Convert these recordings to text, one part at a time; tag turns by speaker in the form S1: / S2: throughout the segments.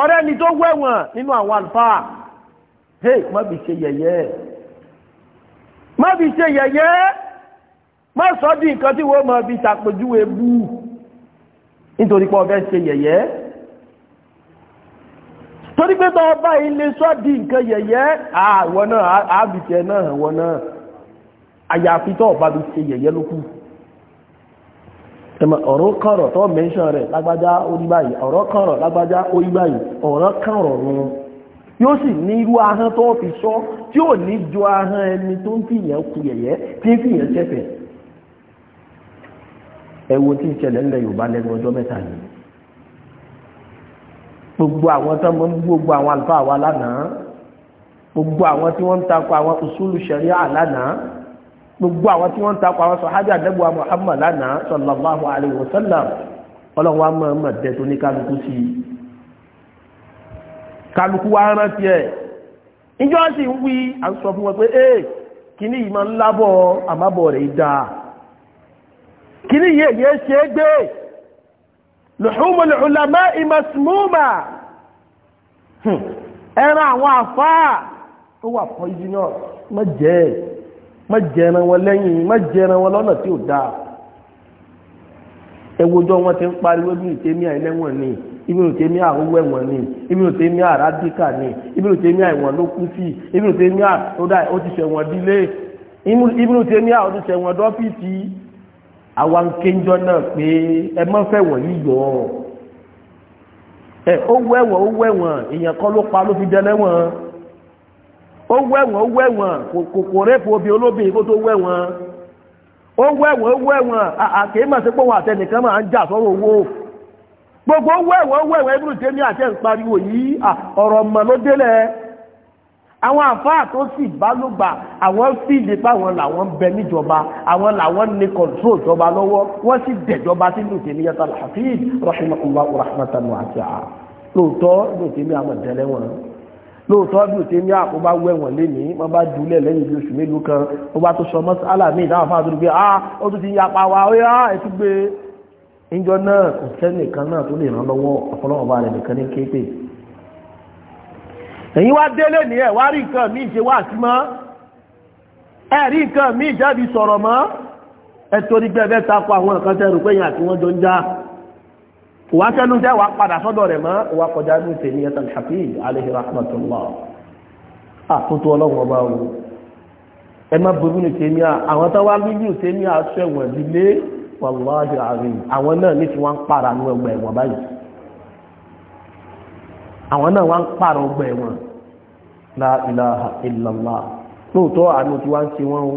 S1: ọ̀rẹ́ ni tó wẹ̀wọ̀n nínú àwọn àlùfáà hey má bí ṣe yẹ̀yẹ́ má bí ṣe yẹ̀yẹ́ má sọ di nǹkan tí wọ́n máa bí ṣàpèjúwe bú nítorí pé ọ̀fẹ́ ṣe yẹ̀yẹ́ torí pé tọ́ ọba ilé sọ di nǹkan yẹ̀yẹ́ àwọn náà àbìtẹ̀ náà wọn náà àyàfi tọ́ ọba bí ṣe yẹ̀yẹ́ lókùn ẹmọ ọ̀rọ̀ kọ̀rọ̀ tó mẹ́ṣọ́ rẹ̀ lágbájá orí báyìí ọ̀rọ̀ kọ̀rọ̀ lágbájá orí báyìí ọ̀rọ̀ kọ̀rọ̀ yóò sì ní irú ahọ́n tó fi sọ tí ní jọ ahọ́n ẹni tó ń fìyàn ku yẹ̀yẹ́ tí ń fìyàn tẹ́fẹ̀ ẹ ńlẹ̀ Yorùbá lẹ́nu ọjọ́ mẹ́ta gbogbo àwọn tó gbogbo àwọn àlùfáà wa gbogbo àwọn tí wọ́n ń àwọn òṣùlù ṣẹ̀ríà gbogbo àwọn tí wọ́n ń takọ̀ àwọn sọ̀hábì àdẹ́gbọ̀wá Muhammad lánàá sallallahu alayhi wa sallam ọlọ́wọ́ mọ̀ mọ̀ tẹ́ tó ní kálukú sí i kálukú wa rántí ẹ̀ ìjọ sì ń wí à ń sọ fún wọn pé ee kíní yìí máa ń lábọ̀ àmábọ̀ rẹ̀ dáa kíní yìí èyí ṣe é gbé luhumul ulama'i masmuma ẹran àwọn àfáà tó wà má jẹran wọn lẹ́yìn má jẹran wọn lọ́nà tí ò dáa ẹwọ́jọ́ wọn ti ń pariwo bí ìtẹ́mí àìlẹ́wọ̀n ni ibi ìtẹ́mí àwọ̀wọ̀ ẹ̀wọ̀n ni ibi ìtẹ́mí àràdíkà ni ibi ìtẹ́mí àìwọ̀n ló kú sí ibi ìtẹ́mí àtọ́dá ó ti ṣẹ̀wọ̀n dílé ibi ìtẹ́mí àwọn ti ṣẹ̀wọ̀n dọ́fíìsì àwa ń kéjọ náà pé ẹ má fẹ́ wọ̀n yìí yọ ẹ ó wẹ̀wọ̀n ó wẹ̀wọ̀n èèyàn kọ́ ló pa ló fi dẹ́lẹ́wọ̀n ó wẹ̀wọ̀n ó wẹ̀wọ̀n kòkò rẹ́pù obì olóbìn kó tó wẹ̀wọ̀n ó wẹ̀wọ̀n ó wẹ̀wọ̀n àkéémà sí pọ̀wọ̀n àtẹnìkan máa ń jà sọ́rọ̀ owó gbogbo wẹ̀wọ̀n wẹ̀wọ̀n ibùdó tèmi àti ẹ̀ ń pariwo yìí ọ̀rọ̀ mọ̀ ló délẹ̀ àwọn àfáà tó sì bá ló gbà àwọn fíìlì fáwọn làwọn bẹ níjọba àwọn làwọn ní kọ̀ntrol jọba lọ́wọ́ wọ́n sì dẹ̀jọba sí lùtẹ̀ ní yàtọ̀ al-Hafiz rahimahullah rahmatan wasi'a lóòótọ́ lùtẹ̀ ní àwọn ìdẹ́lẹ́wọ̀n lóòótọ́ bí ò ti ní àkóbá wẹ̀wọ̀n ní wọ́n bá dúlẹ̀ lẹ́yìn bí oṣù mélòó kan ó bá tó sọ mọ́sálà míì táwọn afáàtò rí pé ah, ó tún ti yapa wa ó yá ẹtú ìjọ náà kò sẹ́nìkan náà tó lè ràn lọ́wọ́ ọ̀pọ̀lọpọ̀ rẹ̀ nìkan ní èyí wá délé ní ẹ̀ wá rí nǹkan míì ṣe wá sí mọ́ ẹ rí nǹkan míì jáde sọ̀rọ̀ mọ́ ẹ jọ ń kò wá sẹ́nu tẹ́ wàá padà sọ́dọ̀ rẹ̀ mọ́ wàá kọjá ní ìsẹ̀ ní ẹ̀ta Hafiz alayhi rahmatullah àtúntò ọlọ́run ọba o ẹ má borí ní tèmi à àwọn tó wá lójú tèmi à sẹ́wọ̀n lílé wàláhì àárín àwọn náà ní tí wọ́n ń para ní ọgbà ẹ̀wọ̀n báyìí àwọn náà wọ́n ń para ọgbà ẹ̀wọ̀n la ilaha illallah lóòótọ́ àánú tí wọ́n ń ṣe wọ́n o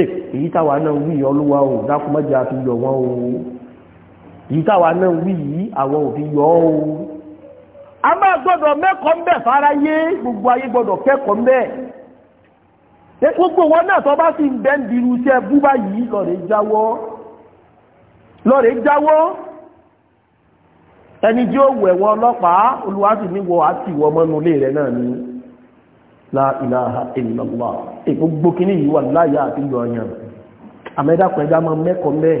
S1: eh, èyí táwa náà wí ọlúwa o dákúmọ́jà àti yọ̀ wọ́n o yìí táwa náà wí yìí àwọn òfin yọ ọ́ o a máa gbọ́dọ̀ mẹ́kọ̀ọ́ mbẹ́ fáráyé gbogbo ayé gbọ́dọ̀ kẹ́kọ̀ọ́ mbẹ́ gbogbo wọn náà tó bá sì ń bẹ́ ń dirú iṣẹ́ bú báyìí lọ́rẹ̀ jáwọ́ lọ́rẹ̀ jáwọ́ ẹni tí ó wẹ̀wọ́ ọlọ́pàá olùwàsì ní wọ àti ìwọ mọ́nu ilé rẹ̀ náà ni la ilaha illallah èkó gbókínì yìí wà láyà àti yọ̀ọ̀yàn àmẹ́dàpẹ̀dà máa mẹ́kọ̀ọ́ mẹ́ẹ̀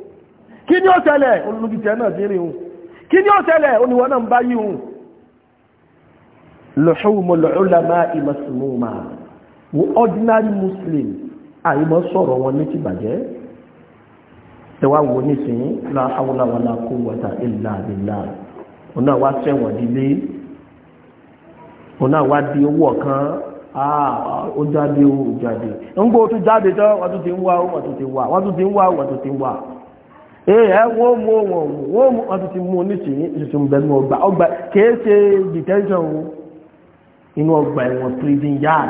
S1: kí ni ó ṣẹlẹ̀ olùdíjẹ náà dé rí hun kí ni ó ṣẹlẹ̀ oníwọ̀n náà ń bá yí hun luhumul ulama'i masmuma wo ordinary muslim àìmọ́ sọ̀rọ̀ wọn ní ti bàjẹ́ ẹwà wo nísìnyí la hawla wala quwwata illa billah òun náà wá sẹ́wọ̀n dílé òun wá di owó ọ̀kan ah, ó jáde ó jáde ń gbó tó jáde tán wọ́n tún ti ń wá wọ́n tún ti ń wá wọ́n tún ti ń wá wọ́n tún ti ń wá ee wọ́n mú wọn wọ́n mú ọtí ti mú oníṣìí mgbe bẹ̀rù ọgbà ọgbà kìí ṣe detention inu ọgbà ẹ̀wọ̀n prison yard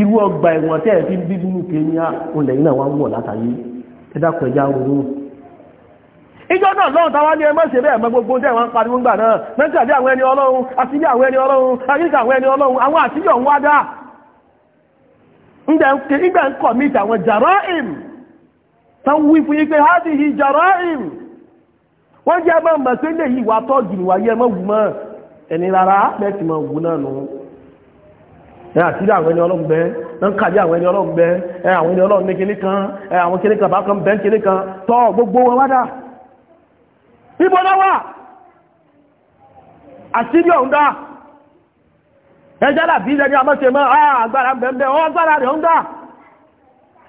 S1: iru ọgbà ẹ̀wọ̀n tẹ́ ẹ̀ fi ń bíbínú ụlọ olè yìí náà wọ́n ń wọ̀ látàyè ẹ náà táwa ní gbogbo ndé wọn pariwo náà àwọn àwọn ẹni àyíká àwọn tán wí fún yí pé hádìí jara'im wọ́n jẹ́ mọ́ mọ̀ sí ilé yìí wà tọ́jú ìwà yẹ mọ́ wù mọ́ ẹni rárá mẹ́tì mọ́ wù náà nù ẹ àti ilé àwọn ẹni ọlọ́run bẹ́ ń kàdí àwọn ẹni ọlọ́run bẹ́ ẹ àwọn ẹni ọlọ́run ní kíní kan ẹ àwọn kíní kan bákan bẹ́ kíní kan tọ́ gbogbo wọn wádà ibo náà wà àṣírí ọ̀hún dá ẹjẹ́ làbí ẹni àmọ́ṣe mọ́ àgbára bẹ́ẹ̀ bẹ́ẹ̀ ọ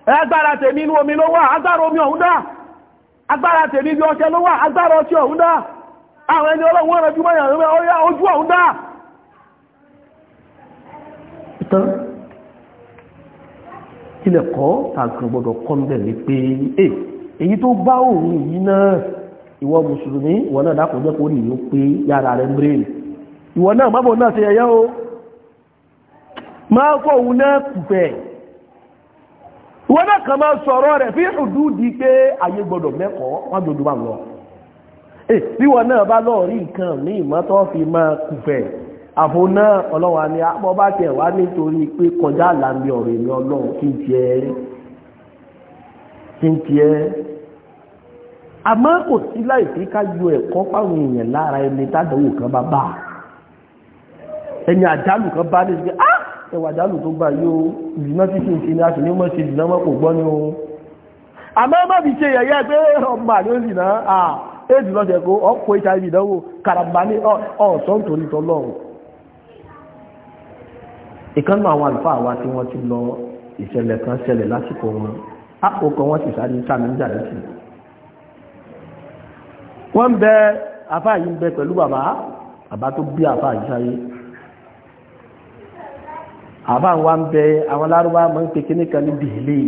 S1: agbára tèmi inú omi ló wà agbára omi ọ̀hún agbára tèmi bí ọṣẹ ló wà agbára ọṣẹ ọ̀hún àwọn ẹni ọlọ́wọ́ rẹjú mọ́ ìyàwó ọyá ojú ọ̀hún kọ́ tàbí pé tó bá òun yìí náà ìwọ ìwọ náà kó pé yára rẹ̀ ìwọ náà mọ́bọ̀ náà ẹ̀yẹ́ o máa kọ́ òun náà wọn náà kàn máa sọ̀rọ̀ rẹ̀ fi hududi pé ayé gbọ́dọ̀ mẹ́kọ̀ọ́ wọn gbọ́dọ̀ bá lọ bí wọn náà bá lọ rí nǹkan ní ìmọ́tọ́ fi máa kùfẹ̀ àfo náà ọlọ́wà ni àpọ̀ bá tẹ̀ wá nítorí pé kọjá àlàmì ọ̀rọ̀ èmi ọlọ́run kí n tiẹ̀ kí n tiẹ̀ àmọ́ kò sí láì fi ká yọ ẹ̀kọ́ fáwọn èèyàn lára ẹni tádọ́wò kan bá bá ẹni àjálù kan bá ní ẹwà dálù tó bá yóò ìdìná tí kí n ṣe ní aṣe ní mọ́ ṣe ìdìná mọ́ kò gbọ́ ní o àmọ́ má fi ṣe yẹ̀yẹ́ pé ọmọ àdó sì náà à éèdì lọ́sẹ̀ kó ọ̀pọ̀ hiv ìdánwò karambà ní ọ̀sán torí tọ́lọ́run ìkànnà àwọn àlùfáà wa tí wọ́n ti lọ ìṣẹ̀lẹ̀ kan ṣẹlẹ̀ lásìkò wọn àkókò wọn sì sáré sàmì ń jàre sí wọ́n ń bẹ àfáà yìí ń bẹ pẹ̀lú tó bí àfáà yìí sáyé àbá wa ń bẹ àwọn lárúbá mọ́ ń pè kí níkan ní dìhìlì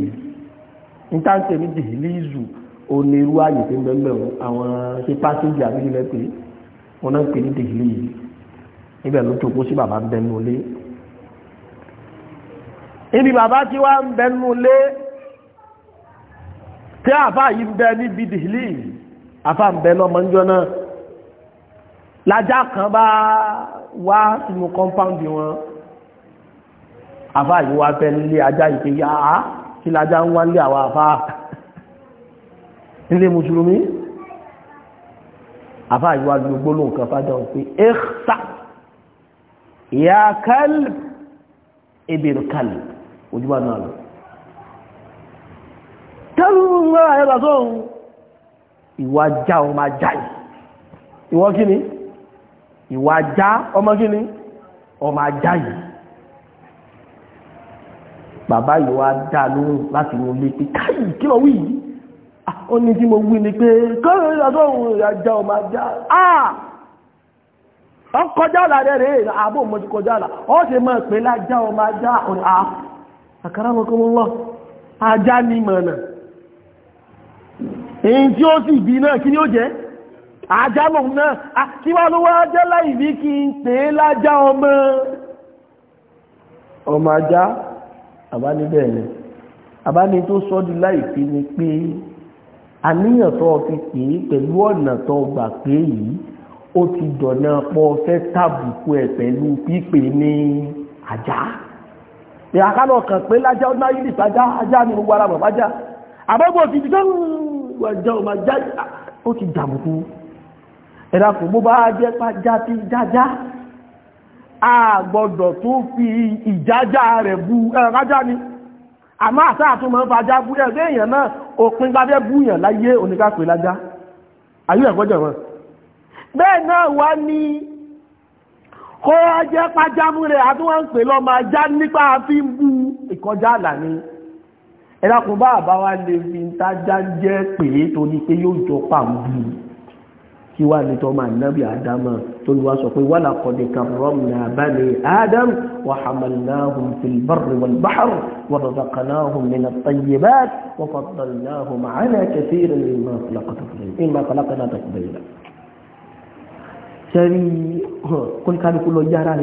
S1: ní táǹkì ní dìhìlì ìzù onírú ààyè tí ń bẹ́ẹ̀ bẹ́ẹ̀ àwọn ṣe pásíjì àbíkí lẹ́pẹ́ wọn náà ń pè ní dìhìlì yìí níbẹ̀ ló tó kó sí bàbá ń bẹ lé ibi bàbá tí wá ń bẹ nù lé tí àfà yìí ń bẹ níbi dìhìlì àfà ń bẹ lọ́mọ ń jọ lajá kan bá wá sínú kọ́ńpáǹdì wọn àfá yìí wá fẹ́ nílé ajá ìpé yá á kí lájá ń wá nílé àwọn àfá nílé mùsùlùmí àfá yìí wá gbogbo ló nǹkan fájá òpé ẹ́xà ìyá kálì ebèrè kálì ojúbà náà lọ tẹ́lú ọmọ kí ni ọmọ ajá yìí bàbá yìí wá dá lóhùn láti inú ilé pé káyì kí lọ wí yìí ó ní tí mo wí ni pé kọ́rọ̀ ìyàtọ̀ òun ìyàjá ò máa ọ kọjá àlà rẹ̀ rẹ̀ àbò mo ti kọjá àlà ọ ṣe mọ̀ pé lájá ò máa já ọ̀rọ̀ à àkàrà wọn kọ́ mọ́ lọ ajá ní mọ̀nà èyí tí ó sì bí náà kí ni ó jẹ́ ajá lòun náà kí wá ló wá jẹ́ láì bí kí n pè lájá ọmọ ọmọ ajá àbánibẹ̀ ni àbáni tó sọ di láìpé ni pé àníyàn tó fi pè é pẹ̀lú ọ̀nà tó gbà pé yìí ó ti dọ̀nà pọ̀ fẹ́ tàbùkù ẹ̀ pẹ̀lú pípè ní ajá ìyàkánà kan pé lájá ó náà yìí nìtajá ajá ni gbogbo ara bàbá já àbẹ́gbọ́ ti dìgbẹ́ ìwàjá ọmọ ajá ó ti dàbùkù ẹ̀dàkùn bó bá ti jájá a gbọ́dọ̀ tó fi ìjájá rẹ̀ bú ẹ̀rájá ni a máa sáà tó máa ń fàájá bú ẹ̀rẹ́ èèyàn náà òpin gbábẹ́ bú èèyàn láyé oníkàpẹ̀ lájá ayé ẹ̀kọ́jọ̀ wọn bẹ́ẹ̀ náà wá ní kó jẹ́ pàjámú rẹ̀ àtúwọ́n ń ni ẹ̀rákùn bá àbáwá lè fi ń kí wá ní tọ́mà náàbì àdámà tó lè wá sọ pé wà lákọ̀dé kàrọ́mùnà bani adam wà hàmàláhùn fìlbárì wà báhàrù wà rọ̀dàkànáhùn nínà tàyèbá wà fàtàláhùn màánà kẹfìrì ní ìmọ̀ àkàlákàná tàkùbẹ̀yìnà sẹ́rí kọ́níkálukú lọ yára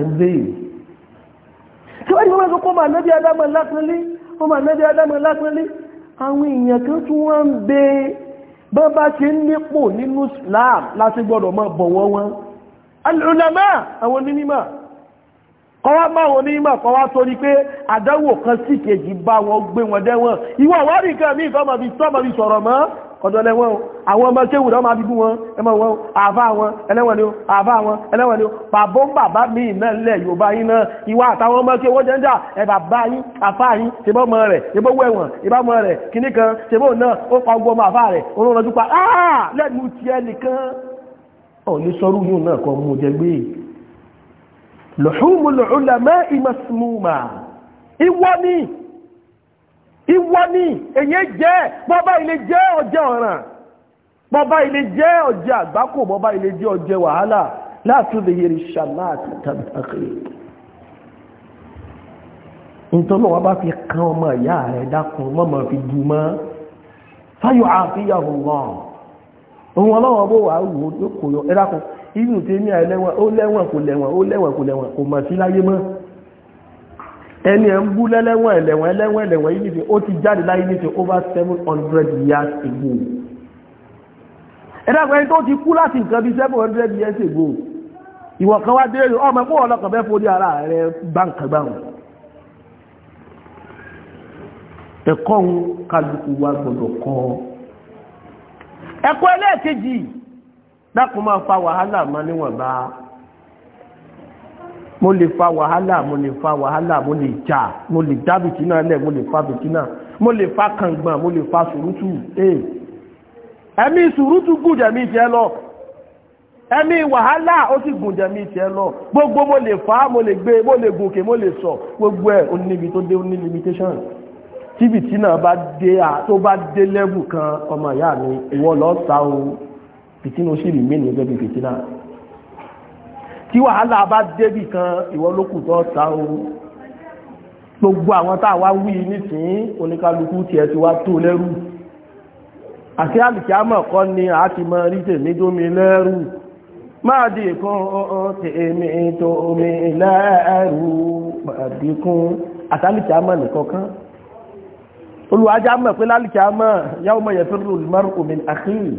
S1: bọ́ bá ṣe ń nípò nínú Islam láti gbọ́dọ̀ máa bọ̀wọ̀ wọn alùlámà àwọn onímọ̀ kọwá bá wọn onímọ̀ kọwá tó ní pé àdánwò kan sí kejì bá wọn gbé wọn dẹ́wọ̀n ìwọ̀ wárí kan ní ìfọ́mọ̀bí sọ̀rọ̀ mọ́ ọ̀dọ̀ lẹ́wọ́n àwọn ọmọ kéwù náà máa bíbú wọn ẹmọ wọn àfá wọn ẹlẹ́wọ̀n ni ó àfá wọn ẹlẹ́wọ̀n ni ó bàbọ́ bàbá mi náà lẹ̀ Yorùbá yín náà ìwà àtàwọn ọmọ kéwù jẹ́ ń jà ẹ bàbá yín àfá yín ṣebọ́ mọ rẹ̀ ṣebọ́ ìwọ́ ni ìwọ ni èyí jẹ́ bọ́bá ilé jẹ́ ọjẹ́ ọ̀ràn bọ́bá ilé jẹ́ ọjẹ́ àgbákò bọ́bá ilé jẹ́ ọjẹ́ wàhálà látúndé yẹri ṣàláàtì tàbí nítorí wọn bá fi kan ọmọ ìyá rẹ̀ dákun wọn máa fi dù mọ́ fáyọ̀ àfihàn wọn òun ọlọ́wọ́ bó wà wò ó kò yọ ẹ dákun inú tèmi àìlẹ́wọ̀n ó lẹ́wọ̀n kò lẹ́wọ̀n ó lẹ́wọ̀n kò lẹ́wọ̀n kò mọ̀ sí láyé mọ́ ẹni e ń bú lẹ́lẹ́wọ̀n ẹ̀lẹ̀wọ̀n ẹlẹ́wọ̀n ẹ̀lẹ̀wọ̀n yìí nìfẹ́ ó ti jáde láyé nìfẹ́ over seven hundred years ago ẹ̀dàgbẹ́ ẹni tó ti kú láti nǹkan bí seven hundred years ago ìwọ̀n kan wá dé ọmọ ẹ̀kọ́ ọlọ́kàn fẹ́ ara rẹ̀ báǹkà ẹ̀kọ́ ń kálukú wa gbọ́dọ̀ kọ́ ẹ̀kọ́ ẹlẹ́ẹ̀kejì dákun máa fa wàhálà máa mo lè fa wàhálà mo lè fa wàhálà mo lè jà mo lè já bìtínà lẹ̀ mo lè fa bìtínà mo lè fa kàngbọ̀n mo lè fa sùrùtù ee ẹ̀mí sùrùtù gùn jẹ̀mí tiẹ̀ lọ ẹ̀mí wàhálà ó sì gùn jẹ̀mí tiẹ̀ lọ gbogbo mo lè fa mo lè gbé mo lè gòkè mo lè sọ gbogbo ẹ̀ ó tó dé ó limitation tí bìtínà bá dé à tó bá dé lẹ́bù kan ọmọ ìyá mi ìwọ lọ́ọ́ sa o bìtínà ó sì rìn mí nìyẹn bí bìtínà tí wàhálà bá débì kan ìwọ lókù tó ta o gbogbo àwọn tá a wá wí nísìnyí oníkálukú tiẹ̀ ti wá tó lẹ́rù àti àlùkí àmọ̀ kọ́ ni a ti mọ rí tèmi dómi lẹ́rù máa di kan tèmi tómi lẹ́rù àdínkùn àtàlùkí àmọ̀ nìkan kan olùwájá mọ̀ pé lálùkí àmọ̀ yawma yafirru al-mar'u min akhihi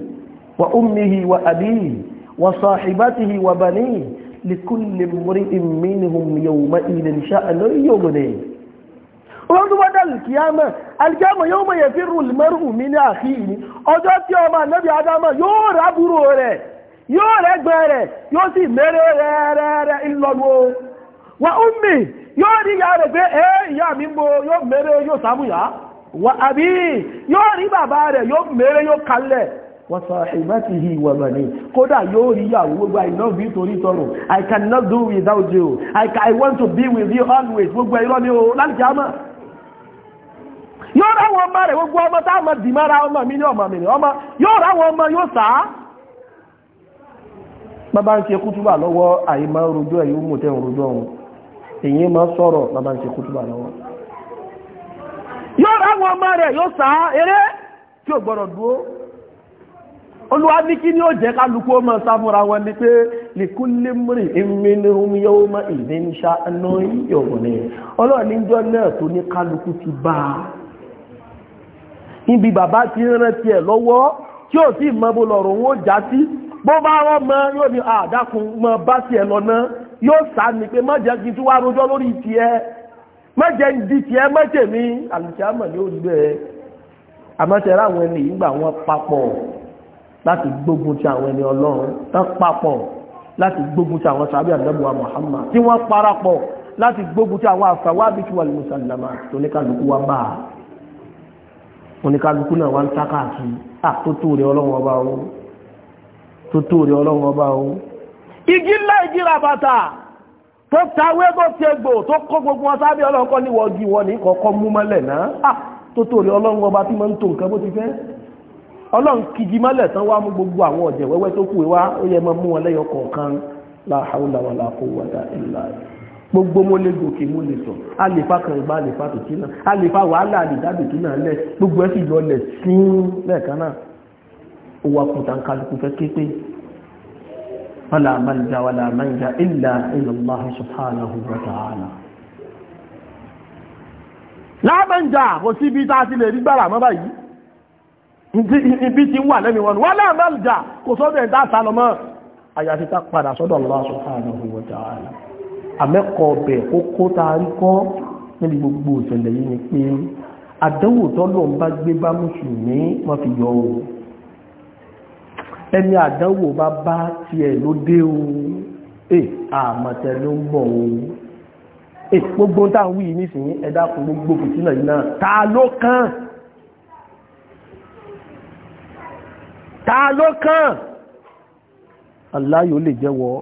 S1: wa ummihi wa abihi wa sahibatihi wa banihi likulli mri'in minhum yawma'idhin sha'nun yughnihi wọ́n tó wọ́n dẹ̀lù kíyámà alìkíyámà yóò mọ̀ yẹ̀ fi rùl mẹ́rù mi ní àfihì ní ọjọ́ tí ọmọ ànábì adámà yóò rábúrò rẹ̀ yóò rẹ́gbẹ́ rẹ̀ yóò sì mẹ́rẹ́ rẹ́rẹ́rẹ́ ìlọ́nu o wà ummi yóò rí ìyá rẹ̀ pé ẹ́ ìyá mi mo yóò mẹ́rẹ́ yóò sàmúyà wà àbí yóò rí bàbá rẹ̀ yóò mẹ́rẹ́ yóò kalẹ̀ وصاحبته وبنيه kódà yóò rí ìyàwó gbogbo i love be tori toro, i cannot do without you i, want to be with you always gbogbo irọ́ ni o láti jámà yóò ráwọn ọmọ gbogbo ọmọ tá ọmọ dìmára ọmọ mi ní ọmọ mi ní ọmọ yóò ráwọn ọmọ yóò sá bàbá ń Ma kútúbà lọ́wọ́ àìmá rojọ́ olúwa ní kí ni ó jẹ́ kálukú ọmọ sáfúnra wọn ni pé lè mìíràn ìmìnirun yóò mọ ìdí ń ní ọlọ́run níjọ́ náà tó ní kálukú ti bá a níbi bàbá ti rántí ẹ̀ lọ́wọ́ tí ò sì mọ bó lọ́rùn ó já sí bó bá rọ́ mọ yóò ẹ lọ́nà yóò sá ni pé kí lórí tiẹ̀ tiẹ̀ láti gbógun ti àwọn ẹni ọlọ́run tán papọ̀ láti gbógun ti àwọn sàbí àdẹ́bùwà Muhammad tí wọ́n parapọ̀ láti gbógun ti àwọn àfàwábí tí wà ní mùsàlámà tó ní kálukú wá bá a oníkálukú náà wá ń tákà kí àtótó rẹ̀ ọlọ́run ọba o tótó rẹ̀ ọlọ́run ọba o igi ńlá igi ràbàtà tó tawé tó tẹgbò tó kó gbogbo wọn sábẹ́ ọlọ́run kọ́ níwọ̀ọ́gì wọn ní kọ́kọ́ mú mọ́lẹ̀ náà tótó rẹ̀ ọlọ́run ọba tí máa ń tó nǹkan bó ti fẹ́ ọlọ́run kìdí mọ́lẹ̀ tán wá mú gbogbo àwọn ọ̀jẹ̀ wẹ́wẹ́ tó kù wá ó yẹ mọ́ mú wọn lẹ́yọ kọ̀ọ̀kan la hawla wala quwwata illa gbogbo mo lè gòkè mo lè sọ a lè fa kan ìbá a lè náà a wàhálà a lè náà lẹ gbogbo ẹ sì lọ lẹ sín lẹ́ẹ̀kan náà ó wà kùtà kálukú fẹ́ képe wala manja wala manja illa illallah subhanahu wa ta'ala láàbànjà kò síbi tá a ti lè rí gbàrà mọ́ báyìí ibi tí wà lẹ́mi wọn wọ́n láàmà ìjà kò sọ́dọ̀ ẹ̀dá àtàlọ́mọ́ àyàfi ká padà sọ́dọ̀ Allah subhanahu wa ta'ala àmẹ́kọ̀ọ́ bẹ̀ ó kó taari kọ́ níbi gbogbo ìṣẹ̀lẹ̀ yìí ni pé àdánwò tọ́lọ̀ ń bá gbé bá mùsùlùmí wọ́n fi yọ o ẹni àdánwò bá bá tiẹ̀ ló dé o ẹ àmọ̀tẹ́ ló ń bọ̀ o ẹ gbogbo táwọn wí nísìnyí ẹ̀dá kò gbogbo fìtínà yìí náà ta ló kàn ta ló kàn aláyò lè jẹ́wọ́